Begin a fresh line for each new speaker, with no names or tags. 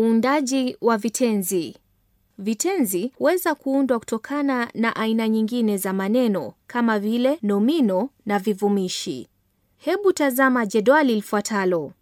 Uundaji wa vitenzi. Vitenzi huweza kuundwa kutokana na aina nyingine za maneno kama vile nomino na vivumishi. Hebu tazama jedwali lifuatalo.